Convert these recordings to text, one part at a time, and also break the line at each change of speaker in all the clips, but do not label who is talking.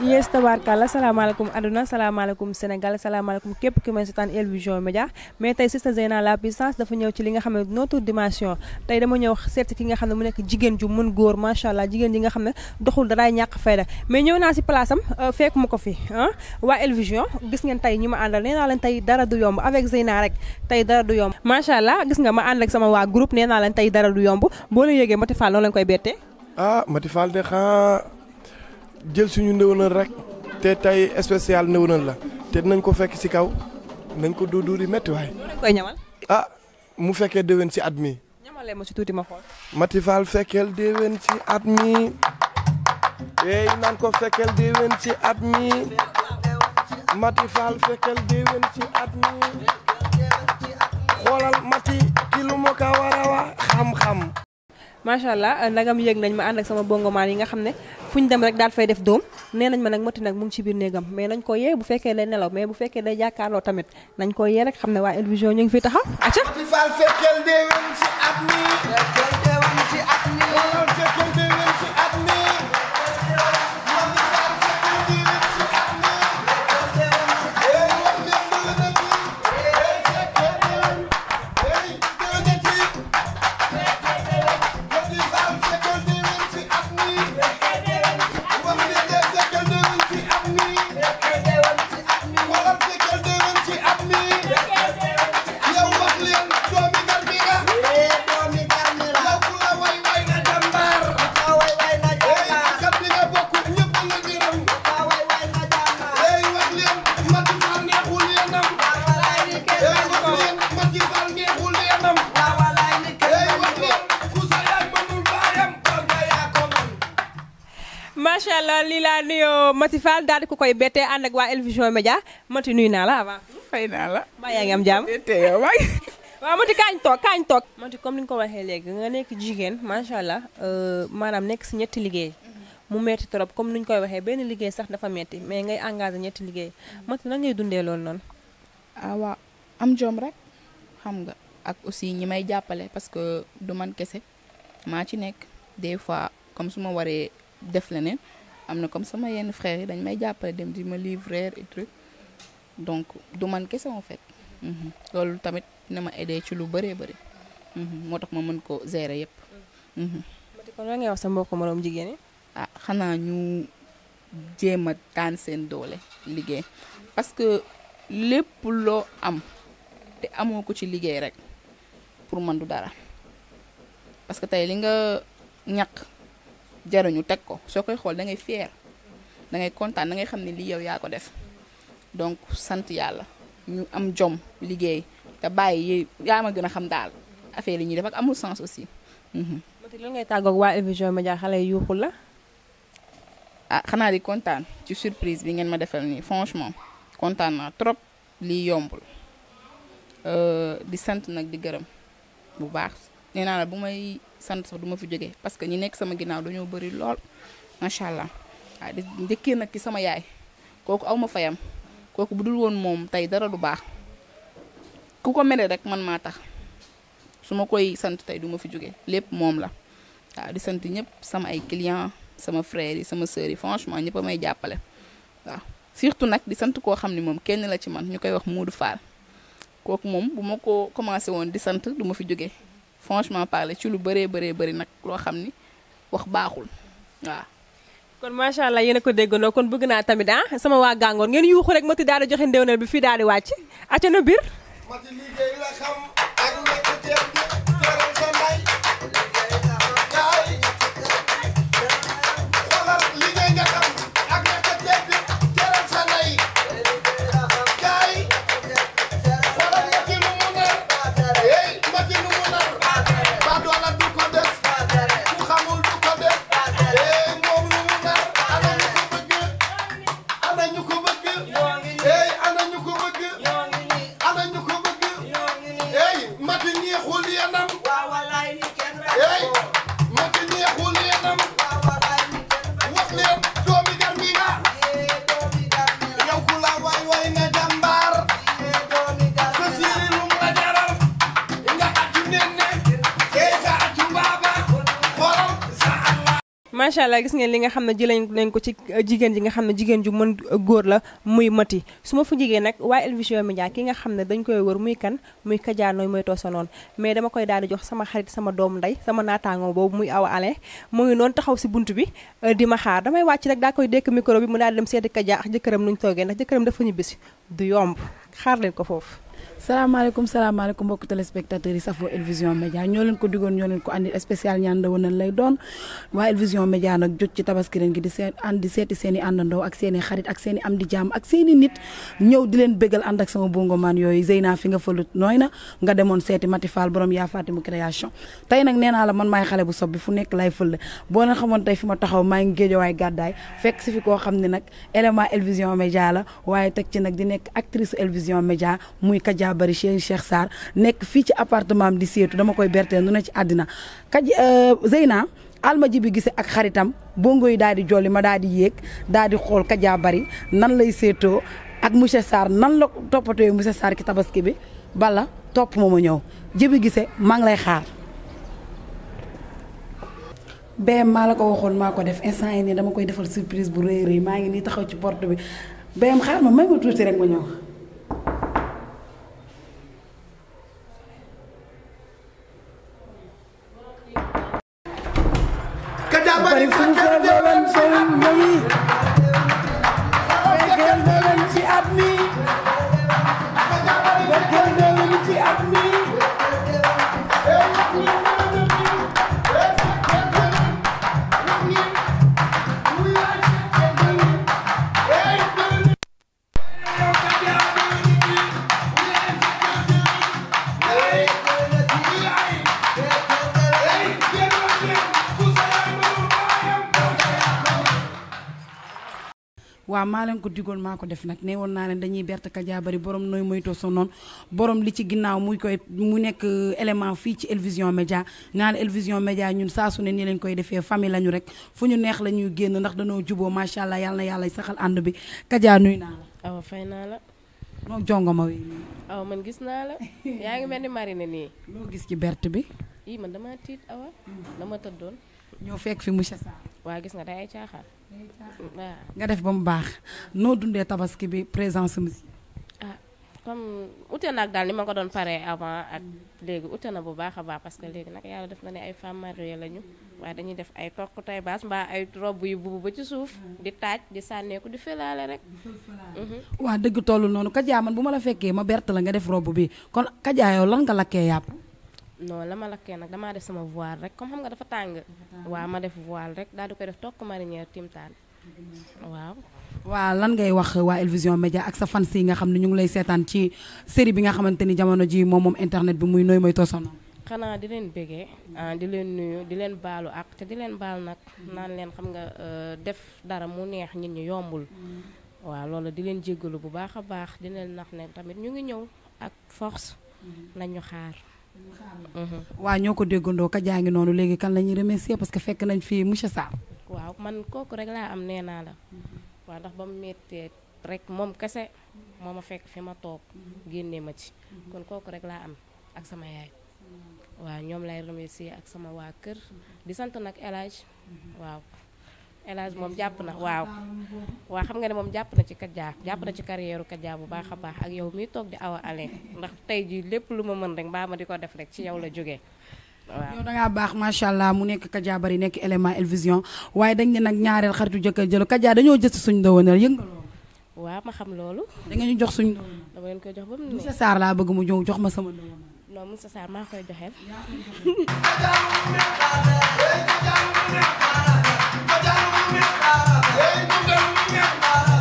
yées tabaarkàlla salaamaaleykum aduna salaamaaleykum Sénégal salaamaaleykum képp ki may seetaan El Vision Média mais tey Sista Zeyna la puissance dafa ñëw ci li nga xam ne notre dimension tey dama ñëw seet ki nga xam ne mu nekk jigéen ju mën góor macha allah jigéen ji nga xam ne doxul daraay ñàkk fayda mais ñëw naa si place am euh, fekk ma ko fi waa El Vision gis ngeen tey ñi ma àndal nee naa leen tey dara du yomb avec Zeyna rek tey dara d yomb macha allah gis nga ma ànd ak sama waa groupe nee naa leen tey dara du yomb boo la yëgee Mati Fall noonu lañ koy bettee
ah Mati jël suñu ndëwënal rek te tey spécial ndëwënal la te nañ ko fekk ci kaw nañ ko dóor dóor yi waaye. koy ah, mu fekkee déwén ci at mi.
ñamalee ma ci tuuti ma xool.
Mati Fall at mi ko fekkeel déwén ci at mi Mati Fall fekkeel déwén ci at mi xoolal Mati ki lu ma a xam-xam.
macha allah nagam yëg nañ ma ànd ak sama bongomaan yi nga xam ne fu ñu dem rek daal fay def doom nee nañ ma nag mati nag mu ci biir néegam mais nañ ko yee bu fekkee day nelaw mais bu fekkee day jàkkaarloo tamit nañ ko yee rek xam ne waa El Vision ñu ngi fi taxaw aca Faty Fall daal di ko koy bettee ànd waa Elvision Média Mati nuyu naa la avant. fay la maa yaa am jàmm tey waaw Mati kaañ toog kaañ toog. Mati comme ni nga ko waxee léegi nga nekk jigéen macha allah euh, maanaam nekk si ñetti liggéey. mu metti trop comme ni koy waxee benn liggéey sax dafa metti mais ngay engagé ñetti
liggéey Mati nan dundee loolu noonu. ah am jom rek xam nga ak aussi ñi may jàppale parce que du man kese maa ci nekk des fois comme su ma waree def leneen. amna na comme sama yenn frère yi dañ may jappalé dem di ma livrer et truc donc du man kessé en fait mhm. lolou tamit na ma aider ci lu béré béré hmm motax ma mën ko gérer yépp mhm. kon la ngay wax sa mbokk morom jigéen ah xana ñu jéem tan sen seen doole parce que lepp lo am té amoko ci liggéey rek pour man du dara parce que tay li nga ñak jaruñu teg ko soo koy xool dangay ngay fier da ngay kontaan da ngay xam ne lii yow yaa ko def donc sant yàlla ñu am jom liggéey te bàyyi yaa ma gën a xam daal affaire yi ñuy def ak amul sens aussi. Mhm. Mati lan ngay tàggoog waa El Vision Médias xale yuuxul la. ah xanaa di kontaan ci surprise bi ngeen ma defal nii franchement kontaan naa trop lii yombul euh, di sant nag di gërëm bu baax nee bu may. sant sax du ma fi jóge parce que ñi nekk sama ginnaaw dañoo bari lool macha allah waaw di njëkkee nag ci sama yaay kooku aw ma fayam kooku bu dul woon moom tey dara du baax ku ko mere rek man maa tax su ma koy sant tey du ma fi jóge lépp moom la waaw di sant ñëpp sama ay clients sama frères yi sama sœurs yi franchement ñëpp a may jàppale waaw surtout nag di sant koo xam ne moom kenn la ci man ñu koy wax Moodu Fall kooku moom bu ma ko commencé woon di sant du ma fi jógee. franchement parler ci lu bëree bëree bari nag loo xam ni wax baaxul
waaw. kon macha allah yéen ko dégg noo kon bëgg naa tamit ah sama waa gàngoor ngeen yuuxu rek mati daal di joxe ndéwnal bi fi daal di wàcc acca na biir. macha allah gis ngeen li nga xam ne jëlee nañ ko ci euh, jigéen ji nga xam ne jigéen ju mën euh, góor la muy mati su ma fu jigéen nag waaye El Vision Médias ki nga xam ne dañ koy wër muy kan muy kajaar kajaanooy mooy toosa noonu mais dama koy daal di jox sama xarit sama doom ndey sama naataango boobu muy awa ale mu ngi noonu taxaw si bunt bi euh, di ma xaar damay wàcc rek daa koy dékk micro bi mu daal dem seeti kajaa ak jëkkëram nuñ toogee ndax jëkkëram dafa ñu bisi yomb xaar ko foofu salaamaaleykum salaamaaleykum mbokki téléspectateurs
yi safoo El Vision Média ñoo leen ko digoon ñoo leen ko andi spécial ñaan ndawanal lay doon waa El Vision Média nag jot ci tabaski ren gi di seet andi seeti seen àndandoo ak seen i seen i am seen nit ñëw di leen bégal ànd ak sama bongomaan yooyu Zeyna fi nga falut nooy na nga demoon seeti Mati Fall borom yaa Fatimu tey nag nee naa la man maay xale bu sob bi fu nekk lay fële boo leen xamoon tey fi ma taxaw maa ngi géejowaay gàddaay fekk fi koo xam ne nag élément El Vision Média la waaye teg ci nag di nekk actrice El Vision Média muy Kaja yaa bari chéri Cheikh Sarr nekk fii ci appartement di seetu dama koy berte nu ne ci àddina kaj euh, Zeyna almaji bi gisee ak xaritam bongo yi daal di jolli ma daal di yéeg daal di xool kajaa bari nan lay seetoo ak monsieur Sarr nan la toppatoo monsieur Sarr ki tabaski bi bala topp ma ma ñëw jëbi gisee maa ngi lay xaar. BM maa la ko waxoon maa ko def instant yi nii dama koy defal surprise bu rëy rëy maa ngi nii taxaw ci porte bi BM xaar ma may ma tuuti rek ma ñëw. waaw maa leen ko digoon maa ko def nag ne woon naa leen dañuy berte Kaja Bari borom nooy moytoo sa noonu borom li ci ginnaaw muy koy mu nekk element fii ci Elvision Média naa la Elvision Média ñun saa su ne nii lañ koy defee famille lañu rek fu ñu neex la ñuy génn ndax dañoo juboo macha allah yàlla na saxal ànd bi Kaja nuy naa
la. awa fay
naa la. moo jongo wi
aw man gis naa la yaa ngi mel ni marine nii. loo gis ci bert bi. ii man damaa tiit awa hmm. dama tëddoon. ñoo fekk fi monsieur Sarr. waa gis nga day ay day caaxaan
nga def ba mu baax noo dundee tabaski bi présence monsieur.
ah comme ute na ak daal ni ma ko doon paree avant ak léegi ute na bu baax a baax parce que léegi nag yàlla def na ne ay femmes mariées lañu. waaye dañuy def ay toq tay baas mbaa ay robb yu bubu ba ci suuf. di taaj di sànneeku di felaale rek. Mhm.
waa dëgg tollu noonu Kaja man bu ma la fekkee ma bert la nga def robb bi kon Kaja yow lan nga lakkee yàpp.
non la ma lakkee nag damaa def sama voile rek comme xam nga dafa tàng. waa ma def voile rek daal di koy def tokk marinière timtaan waaw.
waaw lan ngay wax waa Elvision Média ak sa fans yi nga xam ne ñu ngi lay seetaan ci série bi nga xamante ni jamono ji moom moom internet bi muy nooy mooy tosono
xanaa di leen bégee ah, di leen nuyu di leen baalu ak te di leen baal nag naan leen xam nga euh, def dara mu neex nit ñi yombul waaw loolu di leen jéggalu bu baax a baax di leen nax ne tamit ñu ngi ñëw ak force mm-hmm. nañu xaar Mm-hmm.
waaw ñoo ko déggandoo ka jaa ngi noonu léegi kan la ñuy remercier parce que fekk nañ fii monsieur Sarr.
waaw man kooku rek laa am nee naa la. Mm-hmm. waaw ndax ba mu méttee rek moom kese moo ma fekk fi ma toog mm-hmm. génnee ma ci. kon kooku rek laa am ak sama yaay. waaw ñoom lay remercier ak sama waa kër di sant nag El waaw. elage moom jàpp na waaw waaw xam nga ne moom jàpp na ci Kaja jàpp na ci carrière Kaja bu baax a baax ak yow miy toog di awa ale ndax tey jii lépp lu ma mën rek mbaa ma di ko def rek ci yow la jógee waaw yow dangaa
baax macha allah mu nekk Kaja bari nekk élément El waaye dañ ne nag ñaareel xaritu jëkkër jëlu Kaja dañoo jës suñu dëwënal yëngaloo
waaw ma xam loolu da nga ñu jox suñu dama leen koy jox ba mu monsieur Sarr laa bëgg mu
ñëw jox ma sama dëwënal
non Moussa Sarr maa koy joxe. yaa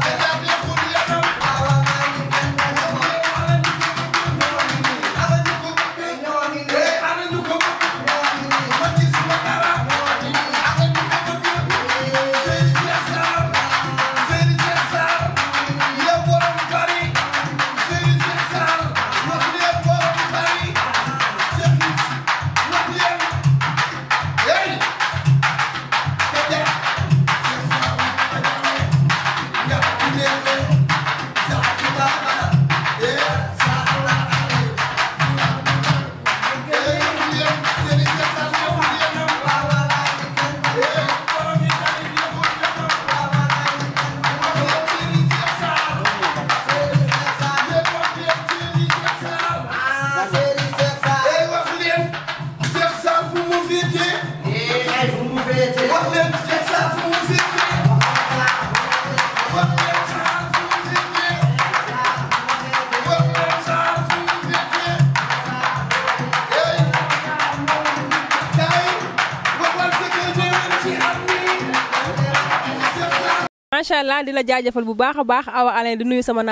ah di la jaajëfal bu baax a baax awa Alain di nuyu sama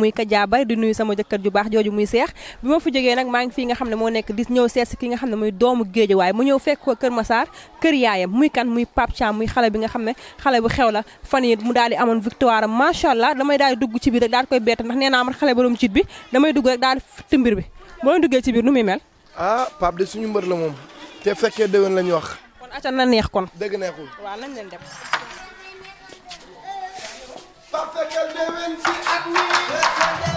muy Kaja Bari di nuyu sama baax jooju muy seex bi ma fi jógee nag maa ngi fii nga xam ne moo nekk di ñëw seet si ki nga xam ne muy doomu Géejawaay mu ñëw fekk ko Kër Massar kër yaayam muy kan muy Pape Thiam muy xale bi nga xam ne xale bu xew la fan yi mu daal di amoon victoire macha allah damay daal di dugg ci biir rek daal koy bett ndax nee naa man xale borom cit bi damay dugg rek daal di mbir bi ci biir nu muy mel
ah Pape suñu mbër la moom te fekkee déwén la ñu wax
kon aca na neex
kon dëgg neexul
waaw nañ leen dem I que déwén si at mi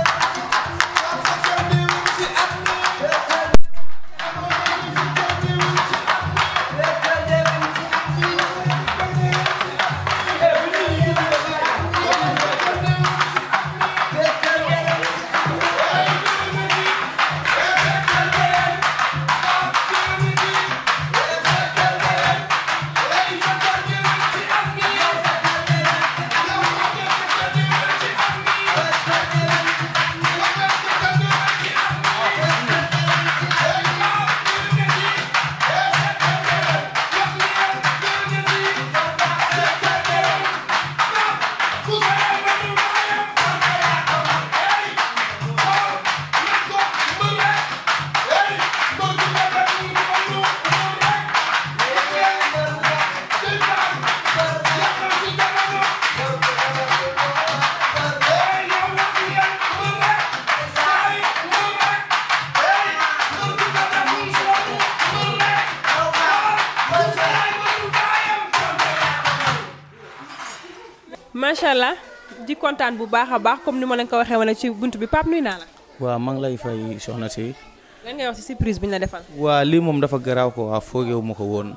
macha allah di contane bu baakha baax comme nima ma ko waxee wala ci buntu bi pap nuy na la.
wa ma ngi lay fay soxna ci
lan ngay wax ci surprise biñ
la defal. wa li mom dafa graw ko wa foogeewu wu mako won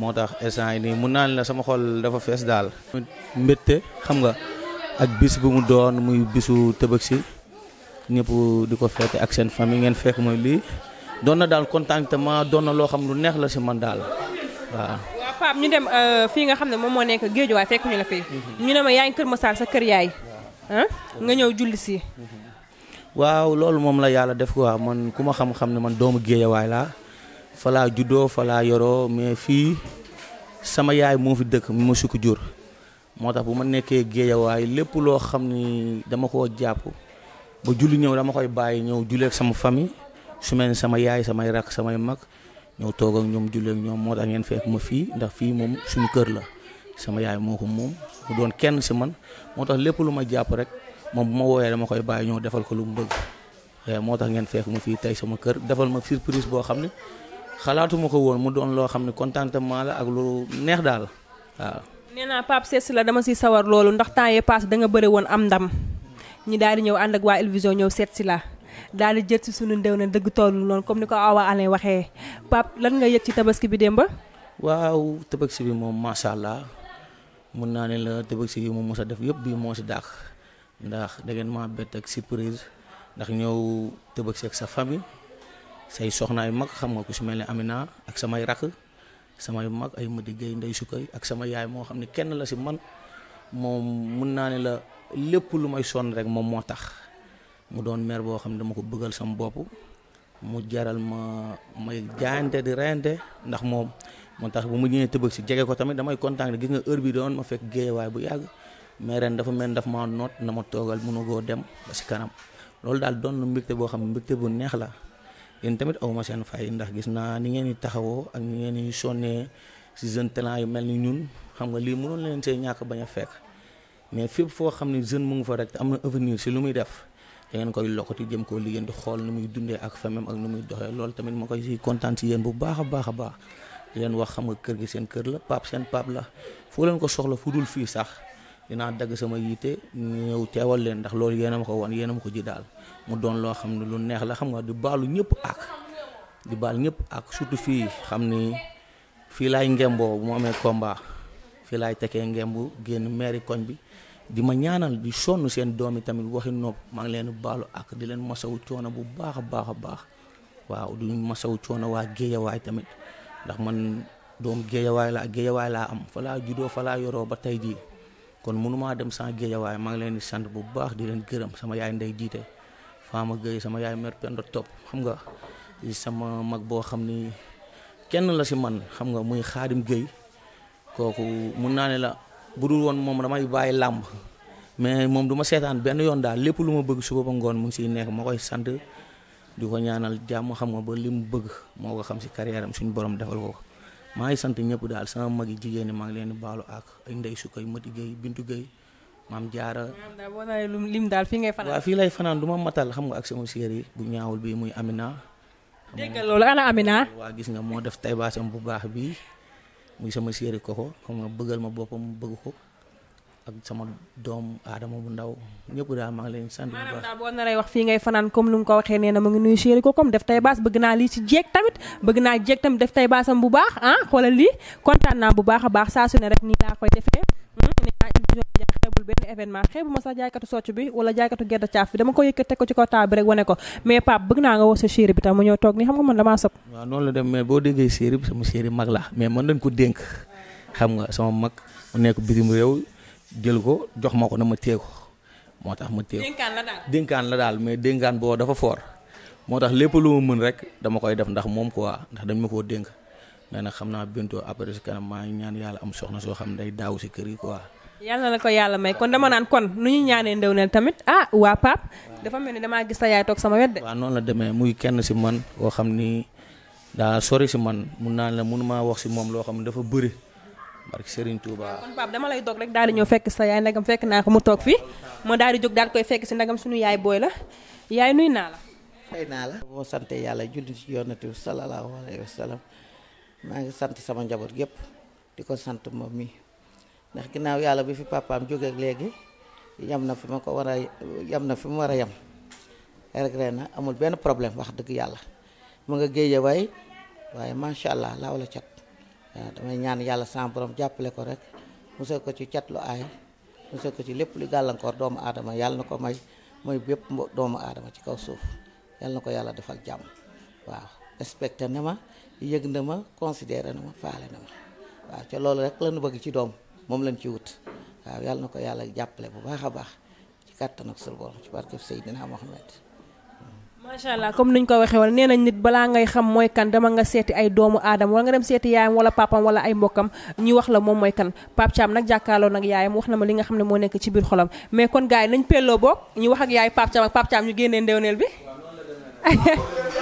motax instant yi nii la sama xol dafa fess dal mbette xam nga ak bis bu mu doon muy bisu tebeksi si ñëpp di ko feete ak sen famille ngeen fekk moy li doon dal daal contentement doon na xam lu neex la ci man dal waaw. Pape ñu dem euh, fii
nga xam ne moom moo nekk Géejawaay fekk ñu la fii mhm. ñu ne ma yaa ngi Kër Massar sa kër yaay nga ñëw julli si mhm.
waaw loolu moom la yàlla def quoi man ku ma xam-xam ne man doomu Géejawaay laa falaa juddoo falaa yoroo mais fii sama yaay moo fi dëkk mi ma sukk jur moo tax bu ma nekkee Géejawaay lépp loo xam ni dama koo jàpp ba julli ñëw dama koy bàyyi ñëw julleek sama famille su mel ni sama yaay samay rakk samay mag ñoo toog ak ñoom julli ak ñoom moo tax ngeen fekk ma fii ndax fii moom suñu kër la sama yaay moo ko moom mu doon kenn si man moo tax lépp lu ma jàpp rek moom bu ma wooyee dama koy bàyyi ñoo defal ko lu mu bëgg eh, moo tax ngeen fekk ma fii tey sama kër defal ma surprise boo xam ne xalaatuma ko woon mu doon loo xam ne contentement la ak lu neex daal waaw
neena pap sess la dama sawar loolu ndax temps yee pass da nga bëre woon am ndam ñi daal di ñëw ànd ak waa elvision ñëw seet si la daal di jël si sunu ndew ne dëgg toll noonu comme ni ko awa ane waxee pap lan nga yëg ci tabaski bi démb
waaw tabaski bi moom macha allah mun naa ne la tabaski bi moom mos def yëpp bi moo si dàq ndax da ngeen maa bett ak surprise ndax ñëw tabaski ak sa famille say soxna mag xam nga ku si mel amina ak samay rakk samay mag ay mëdi gay ndey ak sama yaay moo xam ne kenn la si man moom mun naa ne la lépp lu may sonn rek moom moo mu doon maire boo xam ne dama ko bëggal sama bopp mu jaral ma may jaayante di reyante ndax moom moo tax bu mu ñëwee tëbëg si jege ko tamit damay kontaan ne gis nga heure bi doon ma fekk géewaay bu yàgg mais ren dafa mel daf ma noot na ma toogal mënu koo dem si kanam loolu daal doon na mbégte boo xam ne mbégte bu neex la yéen tamit awma seen fay ndax gis naa ni ngeen di taxawoo ak ni ngeen di sonnee si jeune talent yu mel ni ñun xam nga lii mënoon leen see ñàkk bañ a fekk mais fépp foo xam ne jeune mu ngi fa rek am na avenir si lu muy def da ngeen koy lokati jëm ko liggéen di xool nu muy dundee ak famem ak nu muy doxee loolu tamit ma koy si kontaan si yéen bu baax a baax a baax di leen wax xam nga kër gi seen kër la pap seen pap la fu leen ko soxla fu dul fii sax dinaa dagg sama yiite ñëw teewal leen ndax loolu yéen ma ko won yéen ma ko ji daal mu doon loo xam ne lu neex la xam nga di baalu ñëpp ak di baal ñëpp ak surtout fii xam ni fii laay ngemboo bu mu amee combat fii laay tekee ngemb génn maire koñ bi di ma ñaanal di sonn seen doom yi tamit waxi nopp maa ngi leen baalo ak di leen masawu coono bu baax a baax a baax waaw di masawu coono waa géejawaay tamit ndax man doom géejawaay laa géejawaay laa am fa laa juddoo fa laa yoroo ba tey jii kon mënumaa dem sans géejawaay maa ngi leen di sant bu baax di leen gërëm sama yaay ndey diite ma géey sama yaay mer pendo topp xam nga sama mag boo xam ni kenn la si man xam nga muy xaadim géey kooku mun naa ne bu dul woon moom damay bàyyi làmb mais moom du seetaan benn yoon daal lépp lu ma bëgg suba ba ngoon mu ngi siy nekk ma koy sant di ko ñaanal jàmm xam nga ba li mu bëgg moo ko xam si carrière am suñu borom defal ko maa ngi sant ñëpp daal sama mag yi jigéen ñi maa ngi leen di baalu ak ay ndey su koy mati géey bintu géey maam jaara lim daal fii ngay fanaan fii lay fanaan du ma matal xam nga ak sama série yi bu ñaawul bii muy Amina.
dégg nga loolu ana Amina.
waa gis nga moo def taybaasam bu baax bii. muy sama séeri koko xam nga bëggal ma boppam bëgg ko ak sama doom aadama bu ndaw ñëpp daal maa ngi leen sant bu baax maanaam daal boo
naree wax fii ngay fanaan comme ni nga ko waxee nee na mu ngi nuyu chéri ko comme def tay baas bëgg naa lii ci jeeg tamit bëgg naa jeeg tamit def tay baasam bu baax ah, xoolal lii kontaan naa bu baax a baax saa su rek nii laa koy defee hmm, tëggal benn événement xeebu ma sax jaaykatu socc bi wala jaaykatu gerte caaf bi dama ko yëkkat teg ko ci kaw taal rek wane ko mais Pape bëgg naa nga sa chéri bi tam mu ñëw toog ni xam nga man damaa sob
waaw noonu la dem mais boo déggee bi sama chéri mag la mais man dañ ko dénk xam nga sama mag mu nekk bitim réew jël ko jox ma ko na ma téye ko moo tax ma téye ko dénkaan la daal dénkaan la daal mais dénkaan boo dafa fort moo tax lépp lu ma mën rek dama koy def ndax moom quoi ndax dañ ma koo dénk xam naa bientôt après si kanam maa ngi ñaan yàlla am soxna soo xam day daaw si kër yi quoi
yalla la ko yàlla may kon dama nan kon nuñu ñaané ndewnel tamit ah wa pap dafa melni dama gis sa yaay tok sama wedde
wa non la demee muy kenn ci man ko xamni ni sori ci man mun naa la mënuma wax ci mom lo xamni dafa bëri barki Serigne Touba. kon
pap dama lay dog rek daal di fekk sa yaay ndegam fekk na ko mu tok fi mo daal di jóg daal koy fekk ci ndegam suñu yaay boy la yaay nuy na la.
fay na la. santé yalla julli ci yonatu sallallahu alayhi Wasallam. ma ngi sante sama njabot gep dikon sante mom mi ndax ginnaaw yàlla bi fi papaam jógeek léegi yam na fi ma ko war a yam na fi mu war a yam regret na amul benn problème wax dëgg yàlla mu nga géeje bay waaye macha allah laaw la cat waaw damay ñaan yàlla sama jàppale ko rek mu musal ko ci cat lu aay musal ko ci lépp lu gàllankoor doomu aadama yàlla na ko may mooy bépp doomu aadama ci kaw suuf yàlla na ko yàlla defal jàmm waaw respecté na ma yëg na ma considéré na ma faale na ma waaw ca loolu rek lañu bëgg ci doom moom lañ ci wut waaw yàlla na ko yàlla jàppale bu baax a baax ci kàttan ak suñu borom ci barkeb Seydina Muhammad
macha allah comme niñ ko waxee woon nee nañ nit balaa ngay xam mooy kan dama nga seeti ay doomu aadama wala nga dem seeti yaayam wala papam wala ay mbokkam ñu wax la moom mooy kan Pape Thiam nag jàkkaarloo nag yaayam wax na ma li nga xam ne moo nekk ci biir xolam mais kon gars yi nañ pelloo boog ñu wax ak yaay Pape Thiam ak Pape Thiam ñu génnee ndewneel bi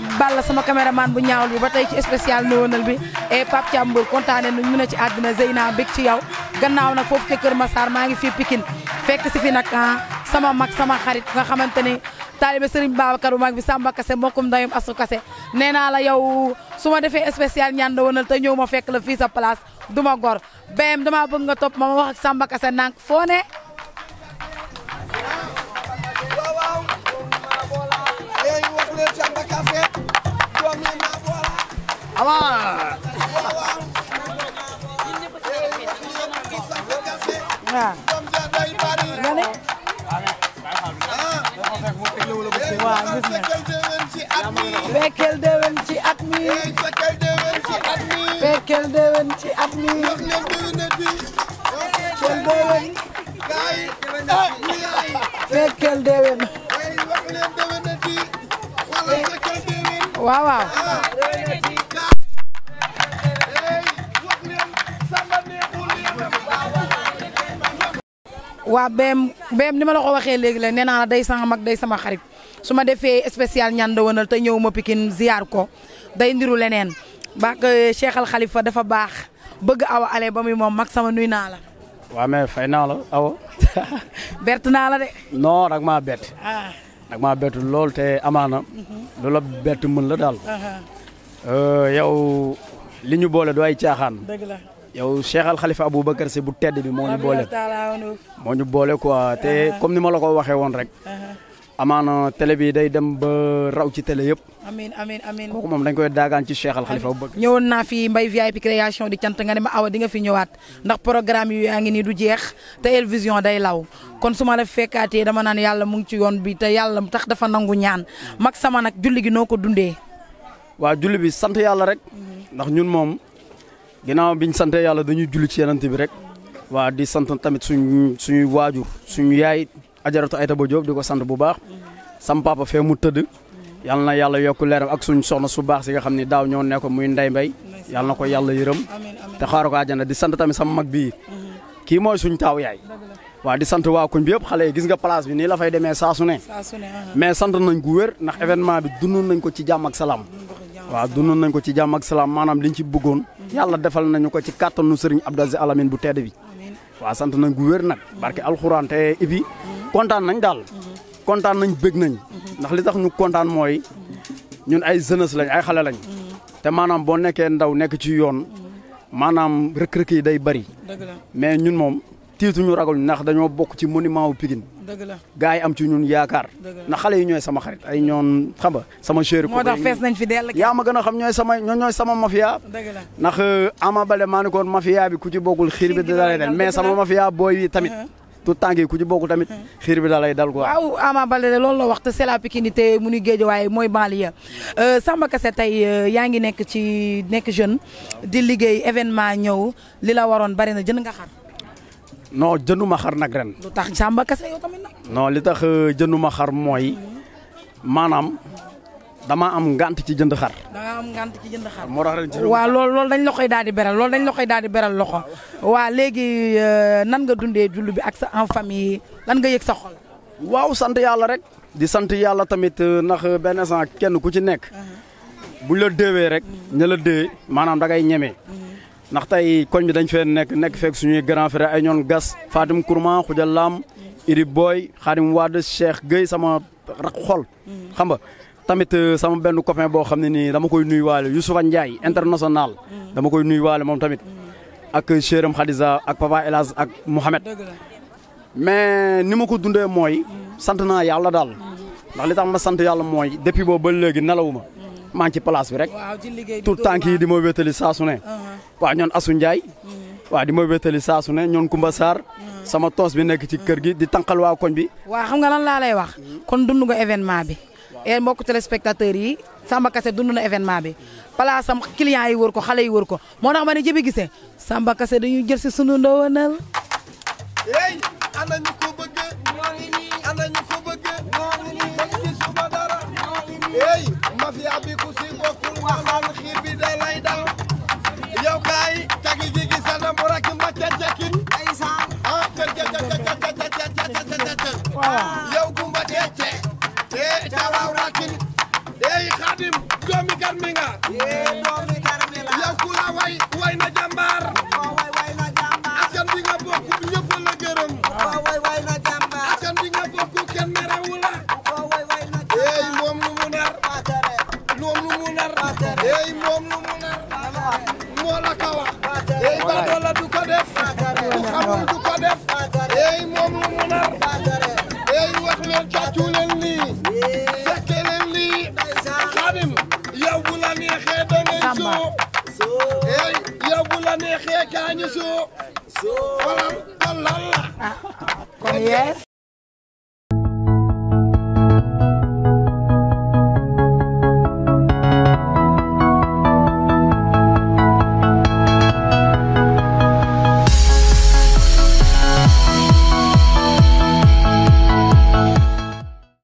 Pape Balla sama caméraman bu ñaawul bi ba tey ci spécial néewanal bi et eh, Pape Thiam Mbour kontaane nu ñu ne ci àddina Zeyna bég ci yow gannaaw nag foofu ca Kër Massar maa ngi fii Pikine fekk si fi nag ah, sama mag sama xarit nga xamante ni taalibe Serigne Babacar bu mag bi Samba Kassé mbokkum ndayum Asu kase nee naa la yow su ma defee spécial ñaan da wanal te ñëw ma fekk la fii sa place du ma gor bem damaa bëgg nga topp ma ma wax ak Samba Kassé nank foo ne
awa waaw nga ne waaw gis nga fekkel déwén ci at mi fekkel déwén ci at mi fekkel déwén fekkel déwén waaw waaw
waa beem beem ni ma la ko waxee léegi la nee naa la day sama mag day sama xarit su ma defee spécial ñaan dawanal te ñëw ma Pikine ziar ko day ndiru leneen baax Cheikh xalifa dafa baax bëgg awa ale ba muy moom mag sama nuy naa la.
waaw mais fay naa la awa.
bett naa la de.
non rek maa bett. ah rek maa bett lool te amaana. Mhm. lu la bett mën la daal. Euh, yow li ñu boole du ay caaxaan. yow Cheikh xalifa Khalifa Aboubacar Sy bu tedd bi moo ñu boole. moo ñu boole quoi te uh-huh. comme ni ma la ko waxee woon rek. Uh-huh. amaana télé bi day dem ba raw ci télé yëpp.
amiin amiin amiin kooku moom
dañ koy daagaan ci Cheikh xalifa Khalifa Aboubacar.
ñëwoon naa fi Mbaye VIP création di cant nga ne ma awa nga fi ñëwaat ndax programme yu yaa ngi nii du jeex te El day law kon su ma la fekkaatee dama naan yàlla mu ngi ci yoon bi te yàlla tax dafa nangu ñaan mag sama nag julli gi noo ko dundee.
waa julli bi sant yàlla rek. Mm-hmm. ndax ñun moom. ginnaaw bi ñu sant yàlla dañuy julli ci yenant bi rek waa di sant tamit suñ suñuy waajur suñu yaay ajaratu Ayta Ba di ko sant bu baax sam papa fee mu tëdd yàlla na yàlla yokk leeram ak suñ soxna su baax si nga xam ne daaw ñoo nekko muy Ndey Mbay yàlla na ko yàlla yërëm te xaaru ko àjjana di sant tamit sama mag bii kii mooy suñ taaw yaay waa di sant waa kuñ bi yëpp xale yi gis nga place bi nii la fay demee saa su ne mais sant nañ ko wér ndax événement bi dund nañ ko ci jàmm salaam waaw ko ci jàmm ak salaam maanaam liñ ci bëggoon yàlla defal nañu ko ci kàttanu Serigne Abdou Aziz Alamine bu tedd bi waaw sant nañ gu wér nag barke alxuraan te ibi kontaan nañ daal kontaan nañ bëgg nañ ndax li tax ñu kontaan mooy ñun ay jeunesse lañ ay xale lañ te maanaam boo nekkee ndaw nekk ci yoon maanaam rëkk-rëkk yi day bari mais ñun moom tiituñu ragal ndax dañoo bokk ci monument wu Pikine dëgg am ci ñun yaakaar ndax xale yi ñooy sama xarit ay ñoon xam nga sama chéri moo tax fees nañ fi dell yaa ma gën a xam ñooy sama ñoo ñooy sama mafia dëgg la ndax euh, Ama Baldé maa ni koon mafia bi ku ci bokkul xiir bi dalay dal mais sama mafia booy yi tamit uh-huh. tout temps ku ci bokkul tamit uh-huh. xiir bi dalay dal quoi waaw
Ama Baldé loolu la wax te c'est la pikinité mu ni géej waaye mooy banlieue euh, Samba kase tey euh, yaa ngi nekk ci nekk jeune di liggéey événement ñëw li la waroon bari na jën nga xar
non jënduma xar nag ren.
lu tax Samba kase yow tamit
nag. non li tax euh, jënduma xar mooy maanaam dama am ngant ci jënd xar. dama am ngant ci jënd xar. moo tax
dañ la koy daal di beral dañ la koy daadi di loxo. waa léegi euh, nan nga dundee jullu bi ak sa en
famille lan nga yëg sa xol. waaw sant yàlla rek. di sant yàlla tamit euh, ndax benn sant kenn ku ci nekk. buñ la déwee rek. ña la dee maanaam dangay ñeme. Mm-hmm. ndax tey koñ bi dañ fee nekk nekk fekk suñuy grand frère ay ñoon gas Fatim Kourma Khoudia Lam booy Boy Khadim Wade Cheikh Gueye sama rak xol mm-hmm. xam nga tamit euh, sama benn copain boo xam ne nii dama koy nuyuwaale Youssoufa Ndiaye international mm-hmm. dama koy nuyuwaale moom tamit mm-hmm. ak chéram Khadija ak papa Elaz ak Mouhamed mais ni ma ko dundee mooy sant naa yàlla daal ndax li tax ma sant yàlla mooy depuis boobu ba léegi nelawuma man ci place bi rek. waaw
ci liggéey tout tànk
yi di mo wétali saa su ne. Uh-huh. wa ñon asu ndjay uh-huh. wa di mo wétali saa su ne ñon Kumba sar uh-huh. sama tos bi nek ci kër gi di tankal wa koñ bi.
wa xam nga lan la lay wax. Hmm? kon dundu nga événement bi. e mbokk téléspectateur yi Samba kasse dundu na événement bi place am client yi wër ko xalé yi wër ko mo tax ma ne jëbi gisé Samba kasse dañu jël ci sunu ndawanal.
hey ana ñu ko bëgg. ñoo ngi nii ñu ko bëgg. ñoo ngi nii bëgg ci suba dara. ñoo ngi hey. mafia bi ku si bokkul waxal xiir bi da lay dal yow kay cagi jigi sanam bu rakki ma cër cëkin ah cër cër cër cër cër cër yow gumba deece dee taraw rakkin dee xaadim doomi garmi nga ñu soo. soo. xoolal ah, kon
yees.